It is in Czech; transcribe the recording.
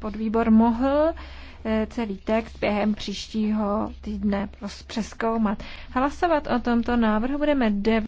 podvýbor mohl eh, celý text během příštího týdne přeskoumat. Hlasovat o tomto návrhu budeme 9.